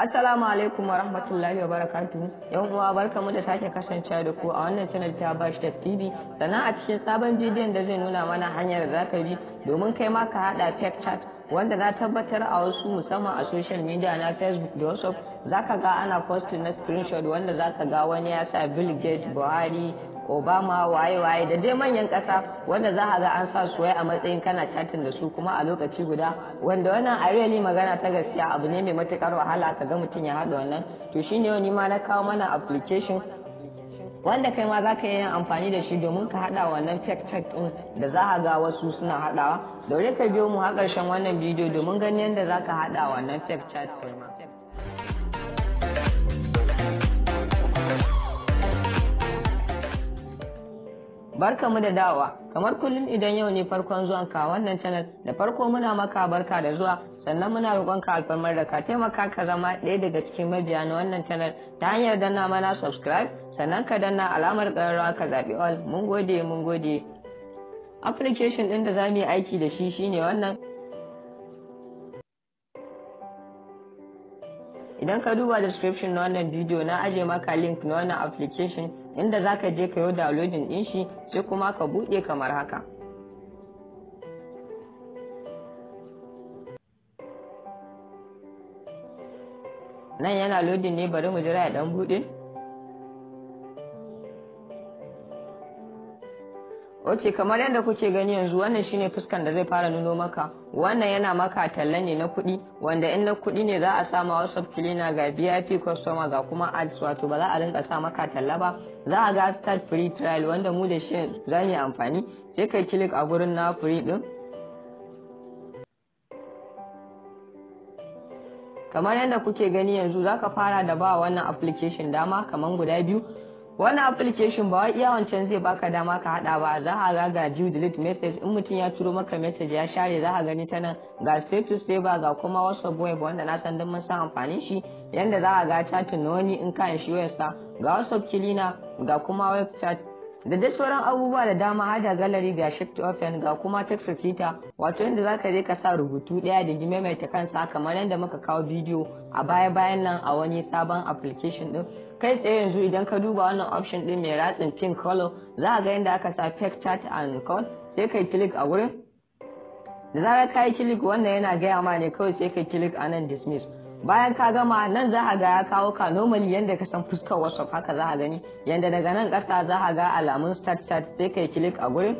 Assalamu alaikum wa rahmatullahi wa barakatuhu. Yan uwa barka barkamu da sake kasancewa da ku a wannan channel ta Bash TV. Sannan a cikin sabon bidiyon da zai nuna mana hanyar da zaka bi domin kai ma ka hada tech chat wanda na tabbatar a wasu musamman a social media na Facebook da WhatsApp zaka ga ana posting na screenshot wanda zaka ga wani ya sa Bill Gates, Buhari, obama waye waye da dai manyan kasa wanda za a ga an sa su a matsayin kana chatting da su kuma a lokaci guda wanda wannan a really magana ta gaskiya abu ne mai matukar wahala ka ga mutum ya hada wannan to shine wani ma na kawo mana application wanda kai ma za ka yi amfani da shi domin ka hada wannan check check ɗin da za a ga wasu suna haɗawa daure ka biyo mu har ƙarshen wannan bidiyo domin ganin yadda za ka haɗa wannan check check ɗin Barka mu da dawa, kamar kullum idan yau ne farkon zuwan ka wannan channel da farko muna maka barka da zuwa sannan muna roƙon ka alfarmar da ka taimaka ka zama ɗaya daga cikin mabiya na wannan channel ta hanyar danna mana subscribe sannan ka danna alamar ƙararrawa ka zaɓi all mun gode mun gode. Application ɗin da za mu yi aiki da shi shine wannan idan ka duba description na wannan bidiyo na aje maka link na wannan application inda za ka je ka yi downloading ɗin shi sai kuma ka buɗe kamar haka nan yana lodin ne bari mu jira ya dan buɗe ok kamar yadda kuke gani yanzu wannan shine fuskan da zai fara nuno maka wannan yana maka talla ne na kuɗi wanda in na kuɗi ne za a sa ma whatsapp cleaner ga vip customer ga kuma ads wato ba za a rinka sa maka talla ba za a ga start free trial wanda mu da shi za mu amfani sai kai click a gurin na free din kamar yadda kuke gani yanzu za ka fara da ba wannan application dama kamar guda biyu Wani application ba wai iya wancan zai baka dama ka hada ba za a ga ga due delete message in mutum ya turo maka message ya share za a gani ta nan ga status saver ga kuma whatsapp web wanda na san mun san amfani shi yanda za a ga chatin na wani in ka shi wayarsa ga whatsapp kilina ga kuma web chat da dai sauran abubuwa da dama har da gallery ga shift open ga kuma text kita wato inda ka je ka sa rubutu daya da gime mai ta kansa kamar yadda muka kawo bidiyo a baya bayan nan a wani sabon application din kai tsaye yanzu idan ka duba wannan option din mai ratsin pink color za ga yadda aka sa fake chat and call sai kai click a wurin da zarar ka yi click wannan yana gaya ma ne kawai sai kai click a nan dismiss bayan ka gama nan za ga ya kawo ka normally yadda ka san fuskar wasu haka za gani yadda daga nan ƙasa za ga alamun start chat sai kai kilik a gurin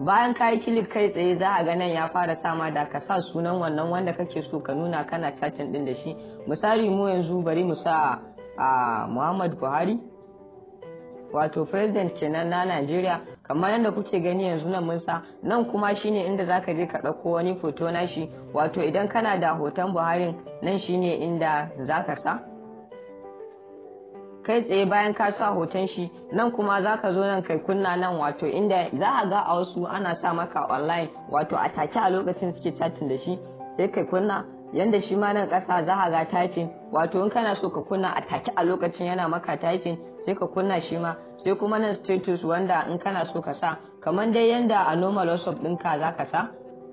bayan ka yi kilik kai tsaye za a nan ya fara sama da ka sa sunan wannan wanda kake so ka nuna kana cacin din da shi misali mu yanzu bari mu sa a ah, muhammad buhari wato president kenan na Najeriya kamar yadda kuke gani yanzu nan Musa nan kuma shine inda zaka je ka ɗauko wani foto na shi wato idan kana da hoton Buhari nan shine inda zaka sa kai tsaye bayan ka sa hoton shi nan kuma zaka zo nan kai kunna nan wato inda za a ga a wasu ana sa maka online wato a take a lokacin suke chatting da shi sai kai kunna yanda shi ma nan ƙasa za a ga typing wato in kana so ka kunna a take a lokacin yana maka typing sai ka kunna shi ma sai kuma nan status wanda in kana so ka sa kamar dai yanda a normal whatsapp ɗinka za ka sa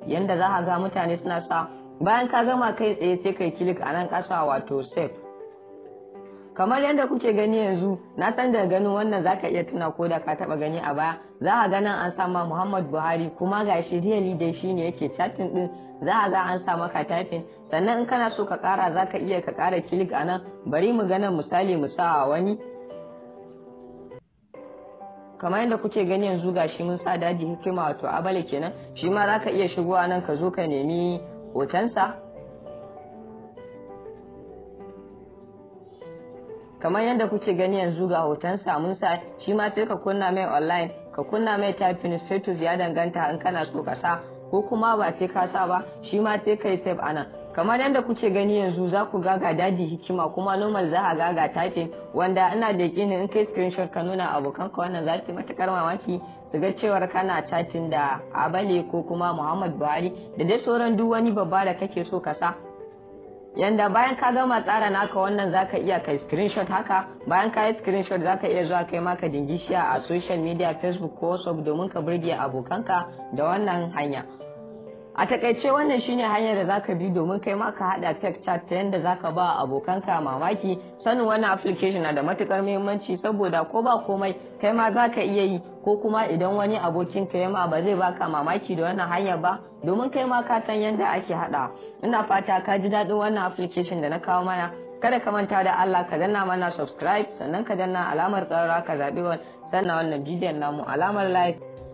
yanda za a ga mutane suna sa bayan ka gama kai tsaye sai kai kilik a nan ƙasa wato save kamar yadda kuke gani yanzu na san da ganin wannan zaka iya tuna ko da ka taba gani a baya za a ganin an sama Muhammad Buhari kuma ga shi really dai ne yake chatting din za a ga an sa maka typing sannan in kana so ka kara zaka iya ka kara click anan bari mu gana misali mu sa wani kamar yadda kuke gani yanzu ga shi mun sa dadi hikima wato abale kenan shi ma zaka iya shigo nan ka zo ka nemi hotonsa kamar yadda kuke gani yanzu ga hoton samun sa shi ma sai ka kunna mai online ka kunna mai typing status ya danganta in kana so ka sa ko kuma ba sai ka sa ba shi ma sai kai save anan kamar yadda kuke gani yanzu za ku gaga daji hikima kuma normal za a gaga typing wanda ina da yakinin in kai screenshot ka nuna abokan ka wannan za su matakar mamaki su ga cewar kana chatting da abale ko kuma muhammad buhari da dai sauran duk wani babba da kake so ka sa yanda bayan ka gama tsara naka wannan zaka iya kai screenshot haka bayan ka yi screenshot zaka iya zuwa kai maka dingishiya a social media facebook ko whatsapp domin ka burge abokanka da wannan hanya a takaice wannan shine hanyar da zaka bi domin kai ma ka hada tech chat ta yanda zaka ba abokanka mamaki sanin wannan application na da matukar muhimmanci saboda ko ba komai kai ma zaka iya yi ko kuma idan wani abokin ka ma ba zai baka mamaki da wannan hanya ba domin kai ma ka san yadda ake hada ina fata ka ji dadin wannan application da na kawo mana kada ka manta da Allah ka danna mana subscribe sannan ka danna alamar tsaro ka zaɓi sannan wannan bidiyon namu alamar like